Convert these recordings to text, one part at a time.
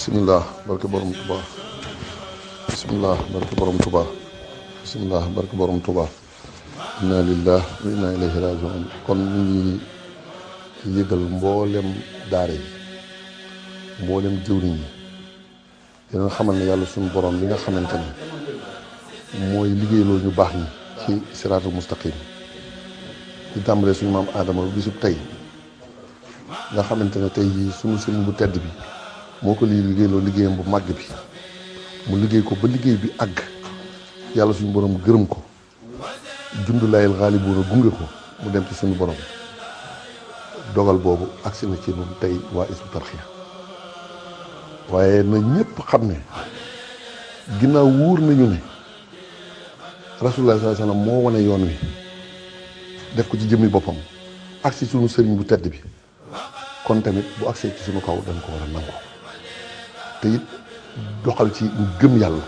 bisimilah barke borom Touba bisimilah barke borom Touba bisimilah barke borom Touba inna lillah wa inna ilayhi rajiun kon ñu ngi yëgal mboolem daara yi mboolem jëwriñ yi dina xamal ne yàlla suñu borom li nga xamante ne mooy liggéeyloo ñu baax ñi ci siraatul mustaqim di tàmbalee suñu maam Adama bisub tey nga xamante ne tey jii suñu sëriñ bu tedd bi. moo ko lii liggéeyloo liggéeyam bu màgg bi mu liggéey ko ba liggéey bi àgg yàlla suñu borom gërëm ko jund layel xaalibuuna gunge ko mu dem ci suñu borom dogal boobu agsi na ci ñun tey waa waaye na ñépp xam ne ginnaaw wóor nañu ne rasulullah sallallahu alayhi moo wane yoon wi def ko ci jëmmi boppam agsi suñu sëriñ bu tedd bi kon tamit bu agsee ci suñu kaw dañ ko war a nangu te it doxal ci gëm yàlla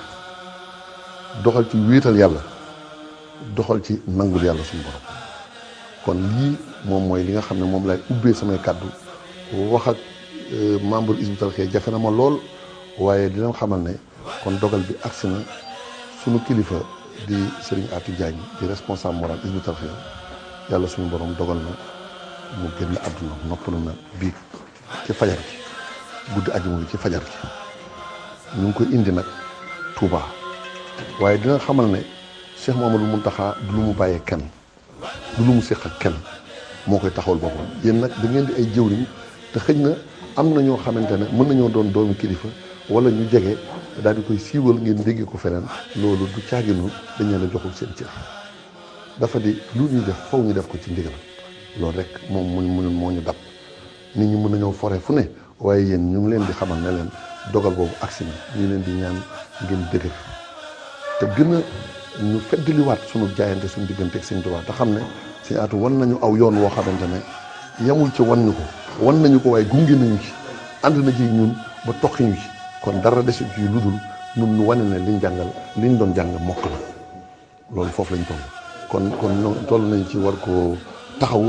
doxal ci wéetal yàlla doxal ci nangul yàlla suñu borom kon lii moom mooy li nga xam ne moom laay ubbee samay kàddu wax ak euh, membre isbu talxee jafe na ma lool waaye dinañ xamal ne kon dogal bi agsi na sunu kilifa di Serigne Atou Diagne di responsable moral isbu talxee yàlla suñu borom dogal na mu génn àdduna noppalu na bi ci fajar gi guddi ajuma bi ci fajar gi ñu ngi koy indi nag Touba waaye dina xamal ne Cheikh Mouhamadou Mountakha du lu mu bàyyee kenn du lu mu séq ak kenn moo koy taxawal boppam yéen nag dangeen di ay jëwriñ te xëñ na am na ñoo xamante ne mën nañoo doon doomi kilifa wala ñu jege daal di koy siiwal ngeen déggee ko feneen loolu du caaginu dañu la joxul seen cër dafa di lu def faw ñu def ko ci ndigal loolu rek moom mu moo ñu dab nit ñi mëna ñoo foré fu né waye yeen ñu ngi leen di xamal ne leen dogal bobu aksi na ñu leen di ñaan ngeen dëgër te gëna ñu ñu waat suñu jaayante suñu digënté ak sëñ Tuubaa xam ne sëñ Aatu wan nañu aw yoon wo xamantene yamul ci wan ñuko won wan nañu ko waye gunge nañu ci and na ci ñun ba toqi ñu ci kon dara dess ci luddul ñun ñu wané ne liñ jangal liñ doon jang mokk la loolu fofu lañ toll kon kon tollu nañ ci war ko taxaw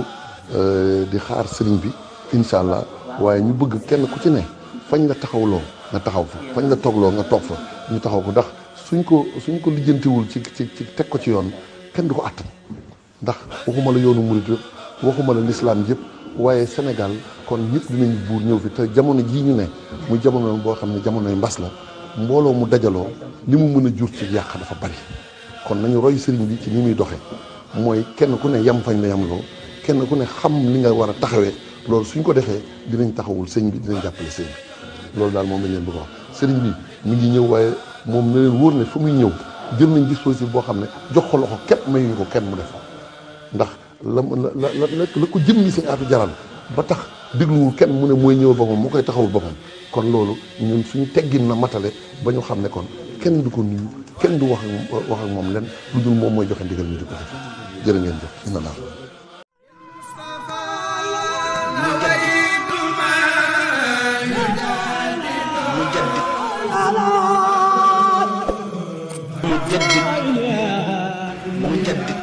euh, di xaar sëriñ bi incha allah waaye ñu bëgg kenn ku ci ne fañ la taxawloo nga taxaw fa fañ la toogloo nga toog fa ñu taxaw ko ndax suñ ko suñ ko lijjantewul ci ci ci teg ko ci yoon kenn du ko àttan ndax waxuma la yoonu murit yëpp waxuma la lislaam yëpp waaye Sénégal kon ñëpp buur ñëw fi te jamono jii ñu ne mu jamono boo xam ne jamonoy mbas la mbooloo mu dajaloo li mu mën a jur ci yàq dafa bari kon nañu roy sëriñ bi ci ni muy doxe mooy kenn ku ne yam fañ la loo kenn ku ne xam li nga war a taxawee loolu suñ ko defee dinañ taxawul sëñ bi dinañ jàppale sëñ bi loolu daal moom lañ leen bëgg a wax sëriñ bi mi ngi ñëw waaye moom na leen wóor ne fu muy ñëw jël nañ dispositif boo xam ne jox ko loxo képp mayuñu ko kenn mu def ndax la la la la ko jëmmi sëñ aatu jaral ba tax dégluwul kenn mu ne mooy ñëw boppam moo koy taxawul boppam kon loolu ñun suñu teggin na matale ba ñu xam ne kon kenn du ko nuyu kenn du wax ak wax moom len lu dul moom mooy joxe ndigal ñu di ko def jërë ngeen jëf na daal مجدد مجدد